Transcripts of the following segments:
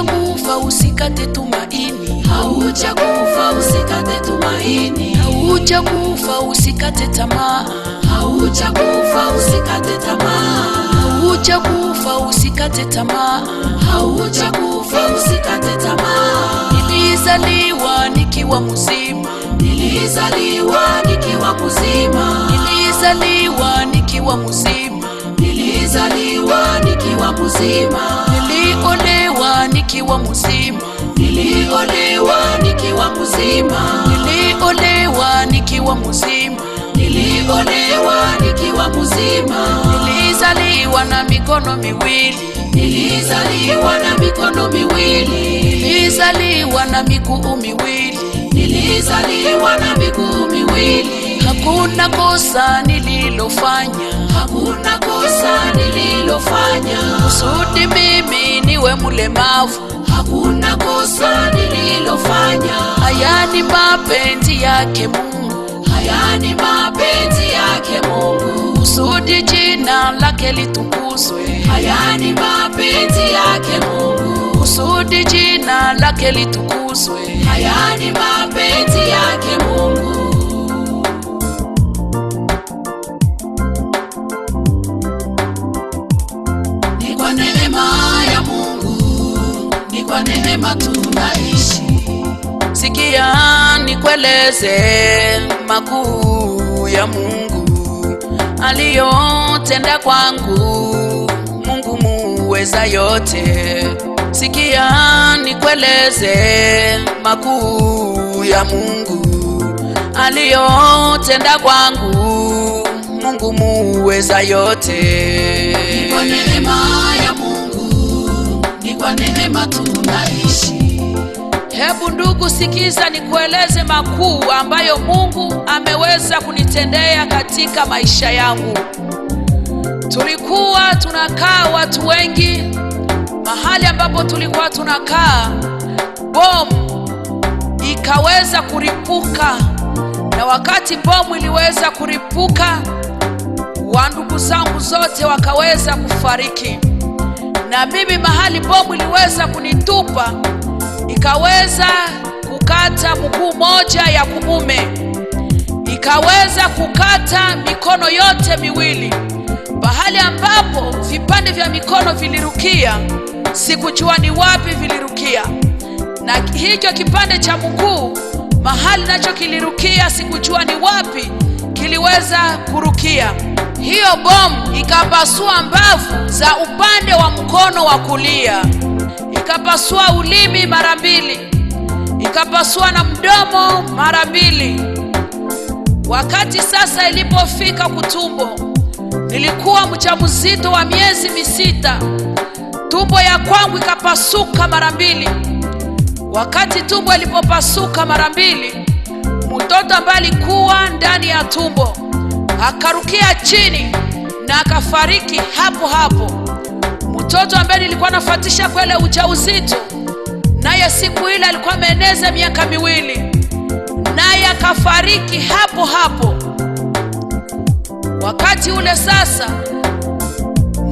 Haujakufa usikate tumaini, haujakufa usikate tumaini, haujakufa usikate tamaa, haujakufa usikate tamaa, haujakufa usikate tamaa, haujakufa usikate tamaa. Nilizaliwa nikiwa mzima, nilizaliwa nikiwa mzima, nilizaliwa nikiwa mzima, nilizaliwa nikiwa mzima nikiwa mzima, niliolewa nikiwa mzima, niliolewa nikiwa mzima, niliolewa nikiwa mzima, nilizaliwa na mikono miwili nilizaliwa na mikono miwili, nilizaliwa na miguu miwili, nilizaliwa na miguu miwili. Hakuna kosa nililofanya, hakuna kosa nililofanya kusudi mimi wewe mlemavu, hakuna kosa nililofanya. hayani mapenzi yake Mungu, hayani mapenzi yake Mungu, kusudi jina lake litukuzwe. hayani mapenzi yake Mungu, kusudi jina lake litukuzwe. hayani mapenzi yake kwa neema tunaishi. Sikia nikueleze makuu ya Mungu aliyotenda kwangu, Mungu muweza yote. Sikia nikueleze makuu ya Mungu aliyotenda kwangu, Mungu muweza yote kwa neema tunaishi. Hebu ndugu, sikiza nikueleze makuu ambayo Mungu ameweza kunitendea katika maisha yangu. Tulikuwa tunakaa watu wengi mahali ambapo tulikuwa tunakaa, bomu ikaweza kuripuka, na wakati bomu iliweza kuripuka, wa ndugu zangu zote wakaweza kufariki na mimi mahali bomu iliweza kunitupa ikaweza kukata mguu moja ya kumume ikaweza kukata mikono yote miwili. Pahali ambapo vipande vya mikono vilirukia, sikujua ni wapi vilirukia, na hicho kipande cha mguu mahali nacho kilirukia, sikujua ni wapi kiliweza kurukia. Hiyo bomu ikapasua mbavu za upande wa mkono wa kulia, ikapasua ulimi mara mbili, ikapasua na mdomo mara mbili. Wakati sasa ilipofika kutumbo, nilikuwa mjamzito wa miezi misita. Tumbo ya kwangu ikapasuka mara mbili. Wakati tumbo ilipopasuka mara mbili, mtoto ambaye alikuwa ndani ya tumbo akarukia chini na akafariki hapo hapo. Mtoto ambaye nilikuwa nafuatisha kwele ujauzito naye, siku ile alikuwa ameeneza miaka miwili, naye akafariki hapo hapo. Wakati ule sasa,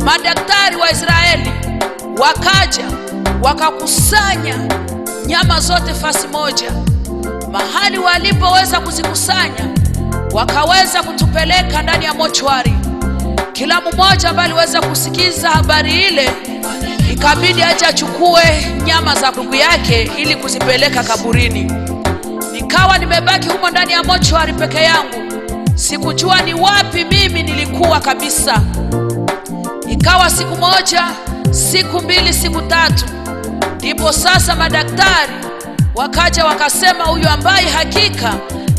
madaktari wa Israeli wakaja wakakusanya nyama zote fasi moja, mahali walipoweza kuzikusanya wakaweza kutupeleka ndani ya mochwari. Kila mmoja ambaye aliweza kusikiza habari ile, ikabidi aje achukue nyama za ndugu yake ili kuzipeleka kaburini. Nikawa nimebaki humo ndani ya mochwari peke yangu, sikujua ni wapi mimi nilikuwa kabisa. Ikawa siku moja, siku mbili, siku tatu, ndipo sasa madaktari wakaja wakasema, huyu ambaye hakika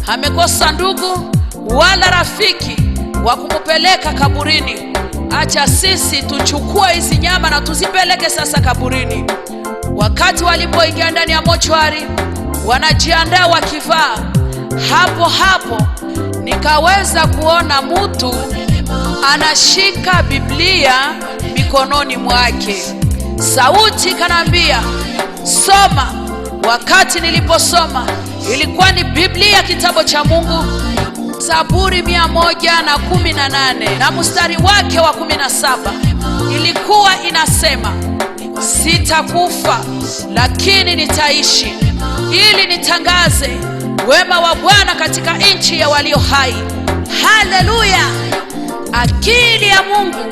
amekosa ndugu wala rafiki wa kumupeleka kaburini. Acha sisi tuchukue hizi nyama na tuzipeleke sasa kaburini. Wakati walipoingia ndani ya mochwari, wanajiandaa wakivaa, hapo hapo nikaweza kuona mtu anashika Biblia mikononi mwake. Sauti kanaambia soma. Wakati niliposoma ilikuwa ni Biblia, kitabu cha Mungu Zaburi mia moja na kumi na nane na mstari wake wa kumi na saba ilikuwa inasema, sitakufa lakini nitaishi ili nitangaze wema wa Bwana katika nchi ya walio hai. Haleluya! Akili ya Mungu